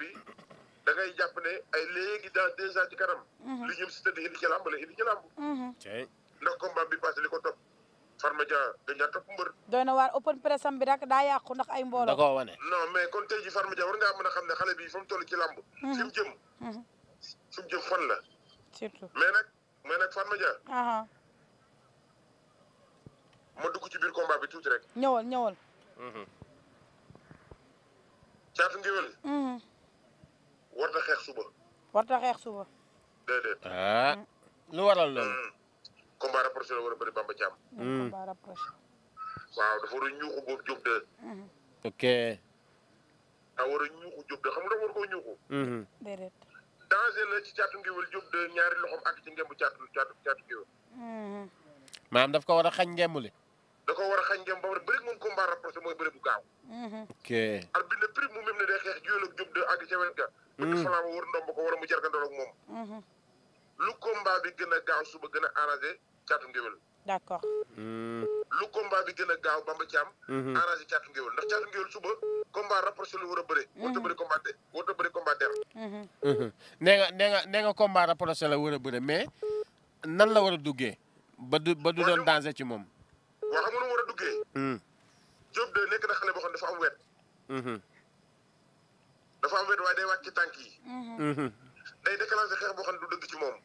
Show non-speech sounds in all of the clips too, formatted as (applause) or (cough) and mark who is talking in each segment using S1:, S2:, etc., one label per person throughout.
S1: bi da ngay jàpp ne ay léegi dans deux ans ci mhm. lu ñum si tëdd indi ci làmb la indi ci làmb. Mhm. ndax combat bi passé li ko topp Farma Dia dañ daan topp mbër.
S2: doy na waar open press am bi rek daa yàqu ndax ay mbooloo. da koo wane
S1: non mais kon tey ji Farma Dia war ngaa mën a xam ne xale bi fa mu toll ci làmb. Mhm. fi mu jëm. fi mu jëm fan la. surtout mais nag mais nag Farma Dia. dugg ci biir combat bi tuuti rek. ñëwal ñëwal. caatu ngiwal.
S2: warta xeex suba.
S1: déedéet.
S3: ah mm. lu waral loolu. Mm.
S1: combat a bëri Bamba Thiam. Mm, waaw dafa war a ñuuxu boobu Diop de. Mm-hmm.
S3: ok. daa war a ñuuxu Diop de xam nga war koo ñuuxu. Mm-hmm. déedéet.
S2: danger la ci caatu ngéwél Diop de ñaari loxoom ak ci ngembu caatu caatu caatu ngéwél. Mm-hmm.
S3: maanaam daf ko war a xañ ngembuli.
S1: da ko war a xañ ngeen ba pare bëri mun combat rapproché mooy bëri bu gaaw. Mhm.
S3: ok ar
S1: mu mel ne day xeex juyal ak jub de àgg ca ga. Mhm. bëgg falaa ba war ndomb ko wara mu jargandoo ak moom. Mhm. lu combat bi gën a gaaw suba gën a arrangé caatu ngéwél.
S2: d'accord. lu
S1: combat bi gën a
S2: gaaw bamba caam. arrangé
S1: caatu ngéwél ndax caatu ngéwél suba combat rapproché lu war a bëri. warut a bëri combat de warut a bëri combat der.
S3: nee nga nee nga nee nga combat rapproché la war a bëri mais nan la war a duggee ba du doon danger ci moom. Hmm.
S1: Diop de nekk na xale boo xam dafa am wet. Hmm. dafa am wet waaye day wàcc tànk
S3: yi. Hmm.
S1: day déclenché xeex boo xam ne du dëgg ci moom.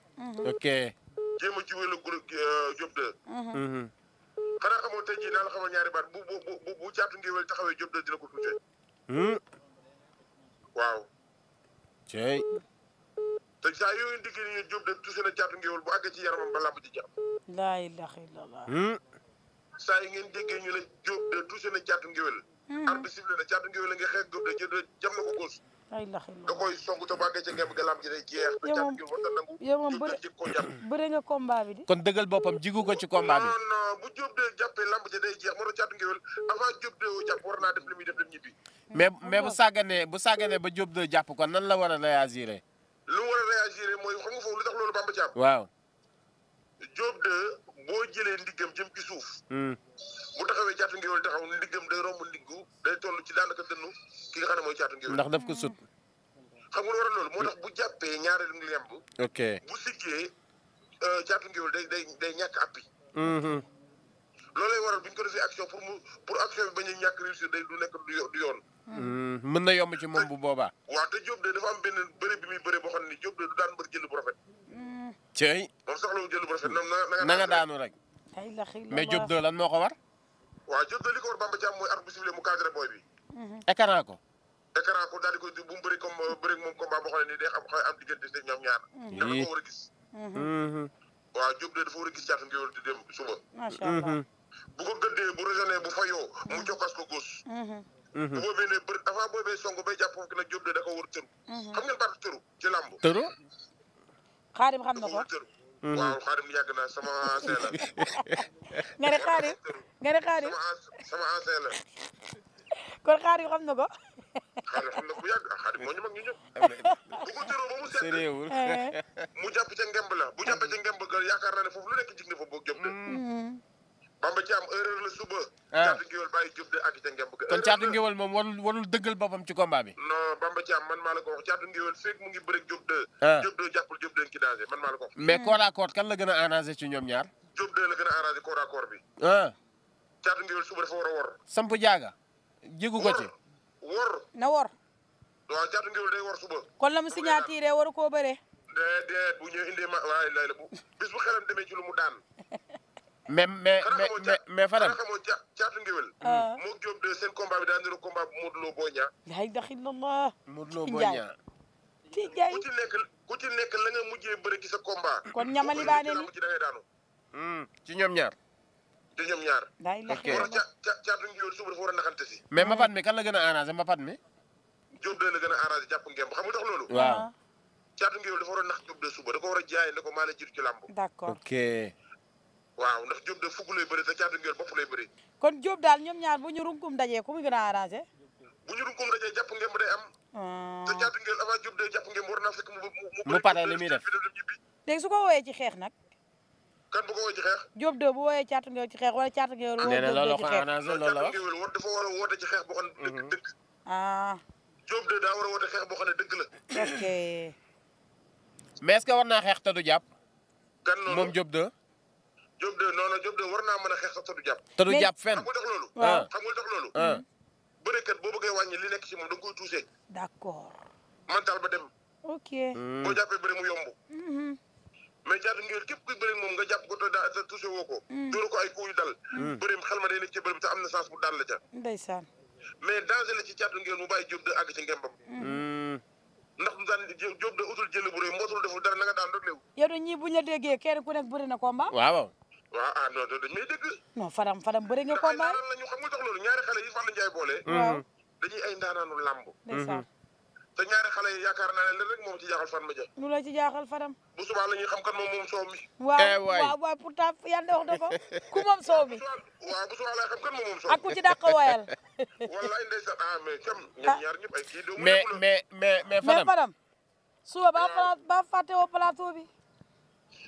S1: ok
S3: jéem a jiwee la groupe euh, Diop de. xanaa xamoo ñaari baat bu bu bu bu caatu ngéwél taxawee Diop de dina ko tuute.
S1: waaw. cey. te saa yooyu ndikki ni Diop de tuuse na caatu ngéwél bu àggee ci yaramam ba làmb ji
S2: laa ilaaha illallaah.
S1: saa yi ngeen déggee ñu ne Diop de touché na caatu ngéwél. Hmm. arbitre sifflé na caatu ngéwél nga xeex Diop
S2: de jël jam na ko góos. da koy song te bàggee ca ngem ga lamb ji
S3: ko ci combat bi. non non bu
S2: Diop de jàppee lamb ji day jeex moo tax caatu ngéwél avant Diop de jàpp war na def li
S3: muy def dem ñibbi. mais ah, mais bu sàgganee bu sàgganee ba Diop de jàpp kon nan la war a réagir.
S1: lu war a réagir mooy xam nga lu tax loolu Bamba Thiam. waaw Diop de. boo jëlee ndiggam jëm ci suuf. mu hmm. bu taxawee caatu ngeewal taxaw ndiggam day romb ndiggu day toll ci daanaka dënnu ki nga xam ne mooy caatu ngeewal. ndax daf ko sut. xam nga lu waral loolu moo tax bu jàppee ñaareelu ngi lemb. ok bu siggee euh, caatu ngeewal day day day ñàkk appui.
S3: Hmm. loolu lay waral bu ñu ko defee action pour mu
S1: pour action bi ñàkk réussir day du nekk du yoon.
S3: Hmm. mën na yomb ci moom bu boobaa. waaw te Diop de dafa am benn bëre bi muy bëre
S2: boo xam ne Diop de du daan mbër jël rafet.
S3: cey.
S1: moom soxla wu jël bu rafet
S3: na nga daanu rek.
S2: ay la xëy mais Diop
S3: de lan moo ko war.
S1: waaw Diop de li ko war Bamba Thiam mooy arbitre bi sifflé mu cadré booy bi. Mhm.
S3: écran ko. écran ko daal di mu bëri comme euh, bëri
S1: moom combat am diggante si mhm. a gis. Mhm.
S3: waaw de dafa war a gis
S2: caatu
S1: ko gëddee bu raisonné bu fayoo mu jokkas ko góos. bu jàpp foofu nag Diop de da ko war a tëru. xam ngeen baatu tëru ci làmb.
S3: tëru.
S2: xaadim xam na ko.
S1: Mhm. waaw xaadim yàgg na sama ancien la. (laughs)
S2: nga ne xaadim nga ne xaadim sama ancien la. kon xaadim xam na ko. xaadim xam na ko bu
S4: moo ñu mag ñu ñëpp.
S1: (laughs) bu ko tëroo mu set. Eh. mu jàpp ca ngemb naa ne foofu lu nekk jig na fa boog jëm de. Mm. Bamba Thiam erreur la suba.
S3: Ah. caatu ngiwal bàyyi jub de ak ca ngemb ga. kon caatu ngiwal moom warul warul dëggal boppam ci combat bi.
S1: non Bamba Thiam man maa la ko wax caatu ngiwal feeg mu ngi bëreeg jub de. jub de jàppul jub de man maa la ko wax. mais corps
S3: à corps kan la gën a arrangé ci ñoom ñaar.
S1: jub de la gën a arrangé corps à corps bi.
S3: Ah.
S2: caatu ngiwal suba dafa war a wor.
S3: samp jaaga jégu ko ci.
S2: wor na wor. waaw caatu ngiwal day wor suba. kon la mu signature war koo bëree. déedéet
S1: bu ñëwee indee ma waaye lay bu bis bu xelam demee ci lu mu daan
S3: mais mais mais mais Fadam. xanaa
S1: ca caatu ngéwél. moo Diop de seen combat bi daa niru combat bu Modou Lo Boy Niang.
S3: la ilaha illallah. Modou Lo Boy Niang.
S1: ci jaay ku ci la nga mujjee bëri ci sa combat. kon ñamali baa ne ci da ngay
S3: hmm, ñaar. ci ñoom
S1: ñaar. la ilaha ca ca caatu ngéwél suba dafa war a naxante
S3: si. mais Mbapat mi kan la gën a mi.
S1: Diop de la gën jàpp ngeen ba xam nga tax loolu. waaw caatu ah. ngéwél dafa war a nax Diop de suba da ko war a jaay la jiitu ci làmb.
S2: d'accord
S3: ok.
S1: waaw ndax Diop de fukk lay bëri te caatu ngeel bopp lay bëri.
S2: kon Diop daal ñoom ñaar bu ñu runkum dajee ku mu gën a arrangé.
S1: bu ñu runkum dajee jàpp ngeen ba day am. Ah. te caatu ngeel avant Diop de
S2: jàpp
S3: mu.
S1: pare li muy
S2: def su ko wooyee ci xeex nag. kan bu ko wooyee ci xeex. Diop de bu wooyee caatu ngeel ci xeex wala caatu ngeel. woo Diop de ci xeex nee na loolu ko arrangé
S1: war dafa war a woote ci xeex boo xam dëgg mhm. dëgg. Ah. a woote xeex boo la. ok.
S2: mais est-ce
S3: xeex te du jàpp. kan noonu moom Diop de
S1: Diop de non non Diop de war naa mën a xeex sax te du jàpp. te du jàpp fenn xam nga tax ah. li nekk ci moom da nga koy tuusee.
S2: d'accord. mental ba dem. ok. Hmm. boo jàppee bëri mu yomb. Mm-hmm.
S1: mais jaatu ngeen képp moom nga jàpp ko te daa te tuusee woo ko. Hmm. dóor ko ay coups yu dal. Hmm. bëri xel ma day nekk ci bëri bi te am na chance bu daan la ca. ndeysaan. mais danger la ci jaatu mu bàyyi Diop de àgg ci ngembam. ndax mu daan Diop de utul jëli bu rëy mbootul deful dara na nga daan doon
S2: léew. yow de kenn ku nekk bëri na combat. waaw. waaw ah non Fadam Fadam bëri nga ay ndaanaan la ñu xam
S1: nga tax loolu ñaari hmm. làmb. Hmm. te ñaari xale yi naa ne leen rek moom ci jaaxal la ci jaaxal Fadam. bu subaa la ñuy xam kan moom moom soow mi. Eh, waaw eh, waaw waaw pourtant yan de wax na ko
S2: ku moom soow mi. (laughs) waaw bu subaa la xam kan moom moom soow mi. ak ku ci dàq woyal. Fadam. suba ah. ba fàtte woo plateau bi.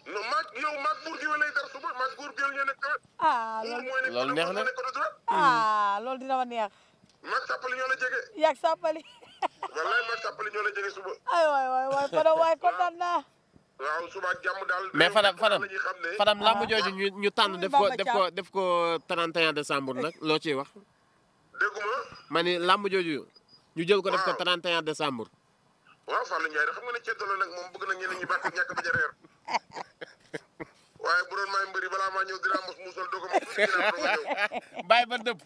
S2: non maag yow maag buur gi lay dar suba maag buur gi ñoo dina ma neex. maag sàppali ñoo la jege. yaa suba. ay waay waay waay Fadam waay kontaan naa.
S1: waaw suba ak daal. mais Fadam Fadam Fadam làmb ah. jooju
S3: ñu ñu def ko def ko def ko 31 décembre loo ciy wax. dégguma. ma ni làmb jooju. ñu jël ko def ko 31 décembre.
S1: waaw Fallou Ndiaye xam nga ne ceeb la nag moom bëgg na ñeneen ñi bàq ñàkk ba waaye bu doon may mbëri balaa maa ñëw dinaa mos muusal doog a dinaa doog a ñëw. bàyyi ba dëpp.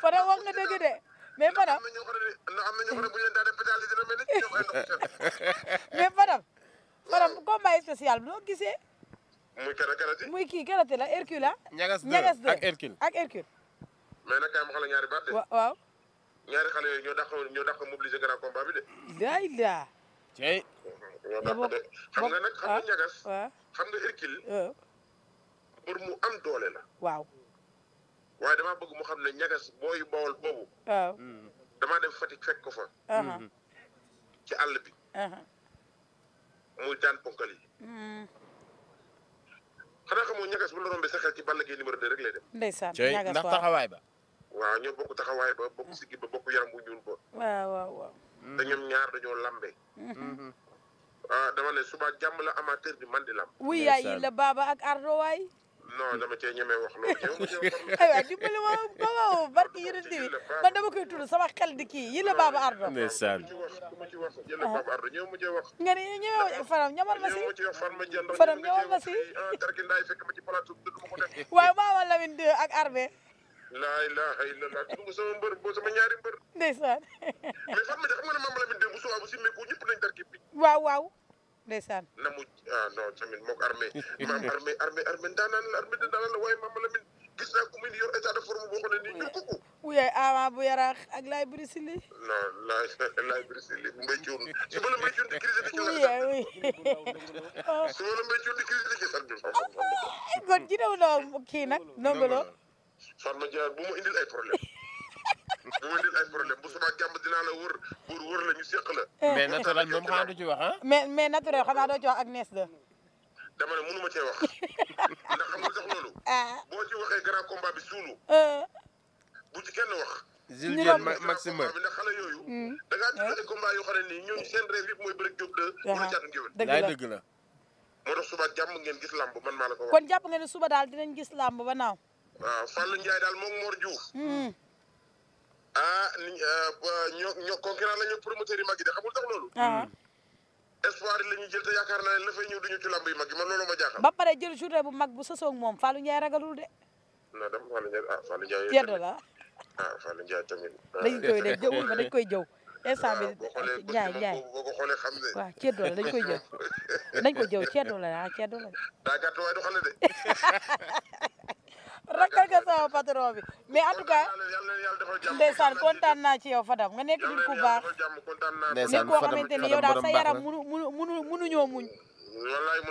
S1: Fada wax nga de mais Fada. am na ñoo na
S2: ñoo xam combat spécial bi noo gisee. muy kera kii kerati la Hercule ah. ñagas deux ak Hercule ak Hercule.
S1: mais nag kaay ma xala ñaari baat de. waaw. ñaari xale yooyu ñoo dàq ñoo dàq combat bi de.
S2: day daa.
S1: ñoo de xam nga nag xam nga ñagas ah, xam mu am doole la waaw waaye damaa bëgg mu xam ne ñagas booyu bawol boobu waaw damaa dem Fatick fekk ko fa uh-huh. ci àll bi uh-huh. muy daan ponkal yi mm.
S2: xanaa xamoo ñagas bu la rombee sa xel ci Balla Gaye numéro 2 rek lay dem ndeysaan ndax taxawaay ba
S1: waaw ñoo bokk taxawaay ba uh-huh. siggi ba bokk yaram bu ñuul ba
S2: waaw waaw waaw
S1: ñoom ñaar dañoo lambe mm-hmm. Mm-hmm. Ah, dama ne suba jàmm la amateur bi man di lam. wuy yaay yi la
S2: baaba ak ardo waay.
S1: non dama cee ñeme wax
S2: loolu. (laughs) aywa dimbali ma baba barki yéen bi man dama koy tudd sama xel di kii yi la baaba ardo. ndeysaan ku
S1: ma ci wax yéen la ah. baaba
S2: ardo ñëw mujjee wax. ñamal
S1: ma si. faram ñamal ma si. waaw maa ma Lamine de ak arbe. laa ilaaha illallah dugg sama mbër boo sama ñaari mbër. ndeysaan. (laughs) mais soir bu si meeku ñëpp nañ dar képp.
S2: waaw waaw. ndeysaan.
S1: na mu ah non tamit moog armée. (laughs) maam armée armée armée daanaan la armée daanaan la waaye maam Lamine gis naa ku muy yor état de forme boo xam ne nii ñu kuku.
S2: wuyay Ama bu yaraax ak Laye Brisili.
S1: non Laye (laughs) Laye Brisili mbay cuun su ma la mbay cuun di crise di ci laaj. oui oui. (laughs) su ma la mbay cuun di crise di ci laaj.
S2: kon ci daw na kii nag. ndongolo
S1: Fatma Diar bu ma indil ay problème bu ma indil ay problème bu subaa la wër wër wër la ñu seq la. Eh, mais naturel moom xanaa du
S2: ci wax ah. mais mais naturel xanaa doo ci wax ak nees la.
S1: dama ma cee wax (laughs) ndax xam nga sax loolu. Ah. boo ci waxee grand combat bi suulu. Ah. bu ci kenn wax. zil jël maximum bi ndax xale yooyu. Hmm. da ngaa gis eh? ay combat yoo xam ne nii ñooñu seen rêve yëpp mooy bëri jóg de. mën a jaatu ngéwél la moo tax suba jàmm ngeen gis làmb
S2: nga ne suba daal dinañ gis làmb ba naaw.
S1: waaw Fallou Ndiaye daal moom Mor Diouf. Hmm. ah, ah ñoo ñoo concurrent la ñu promoteur yi mag yi de xamul tax loolu. Ah. Hmm. espoir yi la jël te yaakaar naa ne la fay ñëw duñu ci lamb yi loolu ma jaaxal. ba
S2: pare jël journée bu mag bu sësoog moom Fallou Ndiaye ragalul de.
S1: non dama Fallou Ndiaye ah la ah Fallou Ndiaye tamit. (laughs) dañ koy de jëwul ma dañ koy jëw.
S2: instant bi ah, Ndiaye Ndiaye boo ko xoolee xam ne. waaw ceddo la dañ koy jëw (laughs) dañ koy jëw ceddo la ah ceddo la. daa gàtt waaye du xale de. (laughs) rakkal nga sama patron bi mais en tout naa ci yow Fadam nga nekk nit ku baax nit koo xamante ni yow daal yaram munu munu muñ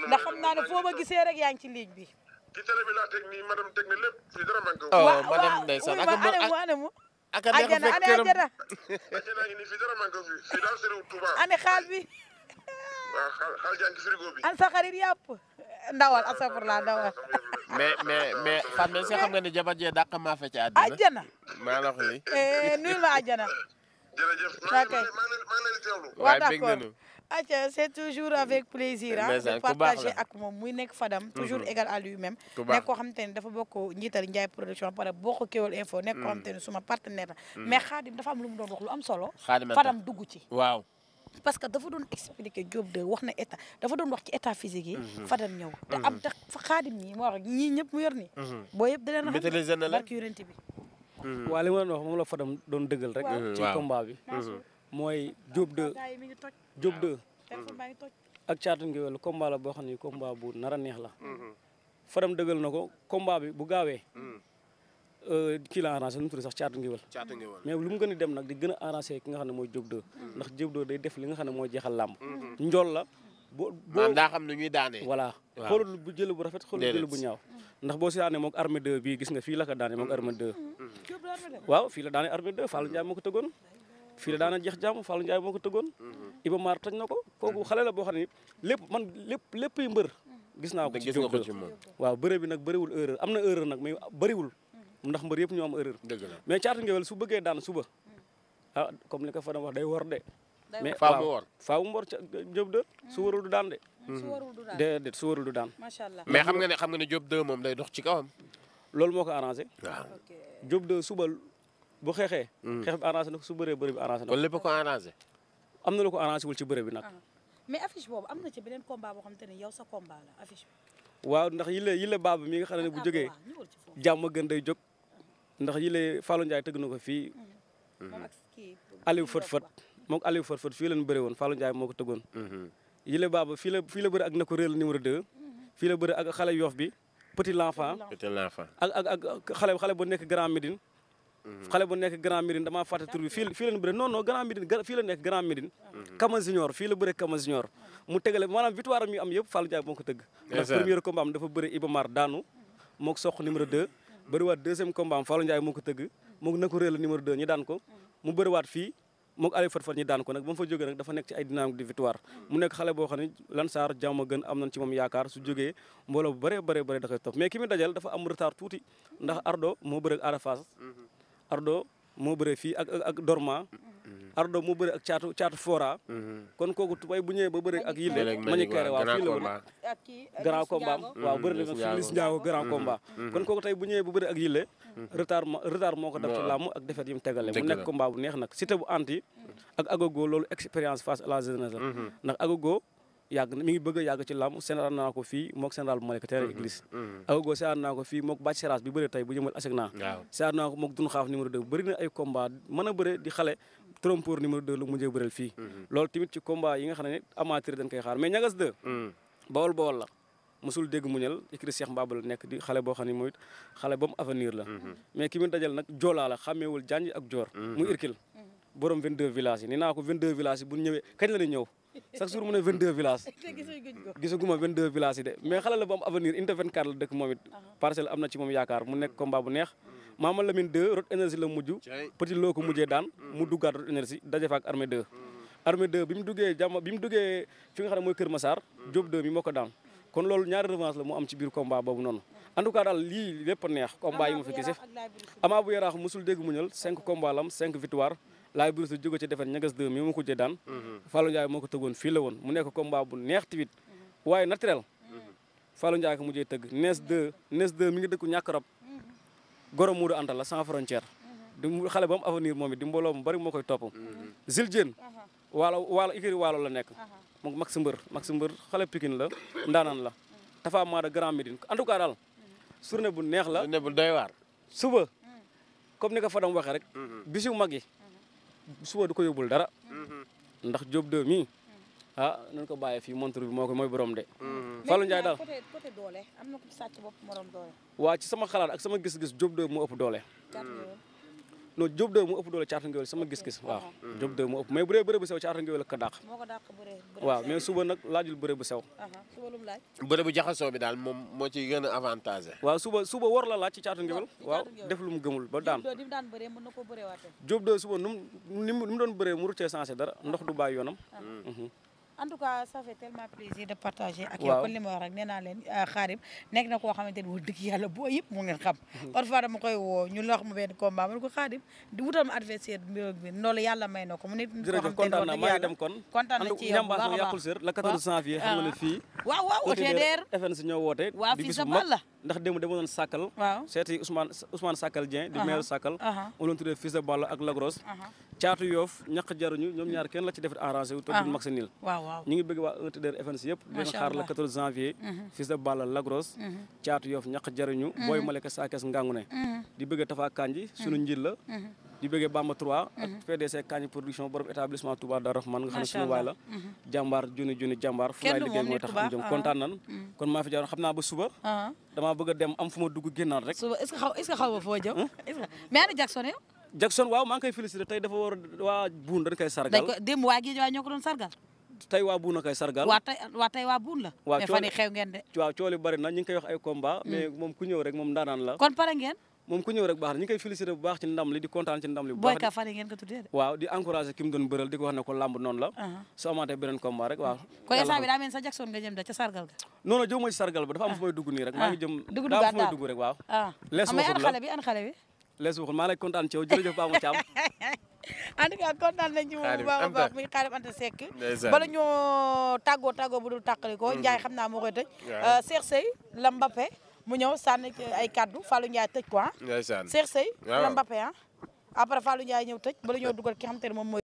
S2: ndax xam naa ne foo ma gisee rek ci ligne bi ci télé bi laa teg nii
S1: madame teg na lépp fii dara manqué wu oh, madame ndeysaan
S2: ak a neex fekk këram ajana
S1: ajana ngi nii fii dara manqué fii ane xaal bi
S2: an sa xarit ndawal asafur laa ndawal mais mais mais xam
S3: nga xam nga ne jabar jee dàq maa fecc ci àddina. àjjana maa la wax lii.
S2: Eh, nuyu ma àjjana. jërëjëf maa ngi c'est toujours avec plaisir ah de partager ak moom muy nekk Fadam mhm. toujours égal à lui-même nekk koo xamante ne dafa bokk njiital njaay production pare bokk Kewel info nekk koo mhm. xamante ne suma partenaire mhm. mais Xaadim dafa am lu mu doon lu am solo Fadam dugg ci waaw parce que dafa doon expliquer Diop de wax na état dafa doon wax ci état physique yi. Mhm. Fadam ñëw. te am mhm. tax fa xaadim ñi ñëpp mu yor nii. Mhm. boo yëpp da leen xam barki
S4: yonent bi. la Fadam doon dëggal rek. ci combat bi. mooy Diop de Diop de ak caatu ngéwél combat la boo xam ne combat bu nar neex la. Fadam dëggal na ko combat bi bu gaawee. Euh, kii la arrangé nu mu tudd sax caatu ngiwal mais lu mu gën a dem nag di gën a arrangé ki nga xam ne mooy Diop 2 mm. ndax Diop 2 day def li nga xam ne mooy jeexal làmb mm-hmm. njool la boo boo xam nu ñuy daanee voilà xoolul bu jël bu rafet xoolul jël bu ñaaw ndax boo si daanee moog armée 2 bii gis nga fii la ko daanee moog armée 2 mm-hmm. waaw fii la daanee armée 2 Fallou Ndiaye moo ko tëggoon fii la daana jeex jàmm Fallou Ndiaye moo ko tëggoon mm-hmm. Iba Mar toj na ko kooku xale la boo xam ne lépp man lépp léppay mbër gis naa ko ci waaw bëre bi nag bëriwul erreur am na erreur nag mais bëriwul ndax mbër yëpp ñoo am dëgg la mais Caatu Ngéwél su gee daan suba ah comme li ko fa doon day wor de. mais faaw mu wor faaw mu wor ca Diop warul du daan mm-hmm. de. su warul du daan du daan. macha allah mais xam nga ne xam nga ne Diop 2 moom day dox ci kawam. loolu moo ko arrangé. waaw Diop suba bu xeexee. Mm. xeex bi arrangé na ko su bëree bëri bi arrangé na ko. kon lépp am na lu ko arrangé wul ci bëre bi nag. Ah.
S2: mais affiche boobu am na ci beneen combat boo xam te ne sa combat la affiche
S4: bi. waaw ndax yile yile mi nga xam ne bu ah, ah, jógee jàmm gën day jóg. ndax yile Fallou Ndiaye tëgg na ko fii. Mm-hmm. Aliou Fët Fët moom Aliou Fët Fët fii la ñu bëri woon Fallou Ndiaye moo ko tëggoon. Mm-hmm. yile Baba fii la fii la bëri na ko réel numéro 2. Mm-hmm. fii la ak xale yoof bi Petit l'enfant. Petit l'enfant ak ak ak bu nekk Grand bu nekk Grand Médine damaa fii fii la ñu fii la nekk Grand Médine. fii la bëri Kama Junior. mu tegale maanaam victoire am yi am yëpp Fallou Ndiaye moo ko tëgg. ndax premier combat am dafa bëri Ibamar daanu moog soq numéro 2. bëriwaat deuxième combat am Fallou Ndiaye moo ko tëgg moog Nakouré la numéro 2 ñu daan ko mu bëriwaat fii moog Aliou Fatfat ñu daan ko nag ba mu fa nag dafa nekk ci ay dynamique de victoire mu nekk xale boo xam ne Lansar jàmm gën am nañ ci moom yaakaar su jógee mbooloo bu bëree bëree bëri da koy topp mais ki mu dajal dafa am retard tuuti ndax Ardo moo bëre ak mm-hmm. Ardo moo bëre fii ak ak Dorma Mhm. ardo moo bëri ak caatu caatu fora mhm. kon kooku tubay bu ñëwee ba bëri ak yilde mañikeere waaw fii la woon grand combat waaw bëri mhm. bu ñëwee ba bëri ak yilde retard moo ko def ci làmb ak defet yi mu tegale mu nekk combat bu neex nag cité bu anti ak agogo loolu expérience face à la jeunesse ndax agogo mi ngi bëgg a ci làmb général naa ko fii mook général bu Malika terrain église agogo seetaan naa ko fii mook bàcc séraas bi bëri tey bu jëmal aseg naa seetaan naa ko mook dun xaaf numéro 2 bëri ay combat mën a bëre trompoor numéro 2 lu mujjee bëreel fii. Mhm. loolu tamit ci combat yi nga xam ne amateur dañ koy xaar mais ñagas 2. Mm. bawol bawol la mosul dégg mu ñal écrit Cheikh Mbaba la nekk di xale boo xam ne mooy xale ba mu avenir la. Mhm. mais ki mu dajal nag joolaa la xàmmeewul janj ak joor. muy mhm. irkil borom 22 villages yi nee naa ko 22 villages yi bu ñëwee kañ la ñuy ñëw. chaque jour mu ne 22 villages. (laughs) gisaguma 22 villages yi de mais xale la bu am avenir unité 24 la dëkk moom it. Ah. parcelle am na ci moom yaakaar mu nekk combat bu neex. Mama Lamine 2 Rote énergie la mujj. petit loo ko mujjee daan mm. mu duggaat Rote énergie daje fa ak armée 2. Mm. armée bi mu duggee jàmm bi mu duggee fi nga xam mooy Kër Massar. Mm. Diop 2 mi moo ko daan. kon loolu ñaari revanche la mu am ci biir combat boobu noonu en tout cas daal lii lépp neex combat yi ma fi gisee. amaa bu yaraax musul dégg mu ñël laay burisu jóge ci defet ñagas 2 mi ma ko jë daan mhm. Fallou Ndiaye moo ko tëggoon fii la woon mu nekk combat bu neex tamit mhm. waaye naturel mhm. Fallou Ndiaye ko mujjee tëgg nees 2 nees 2 mi ngi dëkku ñàkk rab goro muudu antal la sans frontière mu xale ba mu avenir moom di mbooloo mu bari moo koy topp zil diene waalo waalo la nekk moom max mbër max mbër xale Pikine la ndaanaan la Tafa Maada Grand Médine en tout cas daal journée bu neex la journée bu doy suba comme ni ko Fadam waxee rek bisu mag yi suba du ko yóbbul dara mm-hmm. ndax Diop 2 mii ah nañ ko bàyyi fii montre bi moo ko mooy borom de. Mm-hmm. Fallou Ndiaye daal côté
S2: am na ku sàcc bopp
S4: waa ci sama xalaat ak sama gis-gis Diop 2 moo ëpp doole. non Diop 2 moo ëpp doole Thiatou Nguéweul sama gis-gis waaw Diop 2 moo ëpp mais bu dee bëre bu sew Thiatou Nguéweul la ko waaw mais suba nag laajul bëre bu sew bëre bu jaxasoo bi daal moom moo ci gën a avantage waaw suba suba war la laaj ci Thiatou Nguéweul waaw def lu mu gëmul ba daan Diop 2 suba nu mu ni mu doon bëree mu ruccee sensé dara ndox du bàyyi yoonam
S2: en tout cas sa fait tellement plaisir de partager. ak yow kon rek nee naa leen xaarim euh, nekk na koo xamante ni wax dëgg yàlla boo yëpp ngeen xam. Mhm. parfois dama koy woo ñu lox mu benn combat ma ne ko xaarim di wutal ma adversaire bi may na ko mu nekk. jërëjëf kontaan dem kon. kontaan na ci yow bu baax a baax yàqul sër le 14 janvier xam nga ne fii.
S4: Ah, waaw waaw OTDR FN si ñoo woote. waaw fii sa bal la ndax démb dama doon sàkkal waaw seeti Ousmane Ousmane Sàkkal di maire Sàkkal mu doon Balla ak Lagros caatu yoof ñaq jaruñu ñoom ñaar kenn la ci defet arrangé wu ñu ngi bëgg waa un tëddër events yëpp leen xaar la 14 janvier mhm. fils de Balla Lagros mhm. caatu Yoff ñaq jariñu mhm. booy Malika Sakes ngangu di bëgg Tafa Kanji sunu njiit la di bëggee Bamba 3 ak PDC Kanji production borom établissement Touba Darou Rahman nga xam ne suñu waay la jàmbaar junni ah. naa ba suba ah. damaa bëgg a dem am fu ma dugg génnaat rek suba est-ce que xaw est-ce que xaw ma foo
S2: mais ana Jackson yow
S4: Jackson waaw maa ngi koy félicité tey dafa war waa buun dañ koy sargal
S2: démb waa ñoo ko doon
S4: tey waa buun a koy sargal waa
S2: tey waa tey waa buun
S4: la mais fan yi xew ngeen de waaw cooli bari na wax ay combat mm. mais moom ku ñëw rek moom ndaanaan la kon pare ngeen moom ku ñëw rek baax na ñu ngi baax ci ndam li di kontaan ci ndam li bu baax
S2: boyka ngeen ko tuddee
S4: de waaw di encourager ki doon bëral di ko wax ko làmb noonu la uh-huh. su amaatee beneen combat rek waaw ko instant
S2: daa mel sa Jackson nga jëm da ca sargal ga
S4: non non sargal ba dafa am fu dugg nii rek maa ngi ah. les waxul maa lay kontaan ci yow jërëjëf Ba Moussa Thiam.
S2: en (laughs) tout kontaan nañu ci moom baax a baax muy xaalim bala ñoo tàggoo tàggoo bu dul ko. Mm. Ndiaye xam naa moo koy tëj. waaw euh, Cheikh la Mbappé mu ñëw sànni ay kaddu Fallou Ndiaye tëj ko ah. Cheikh Seye la Mbappé ah. après Fallou Ndiaye ñëw tëj bala ñoo dugal ki xam te moom mooy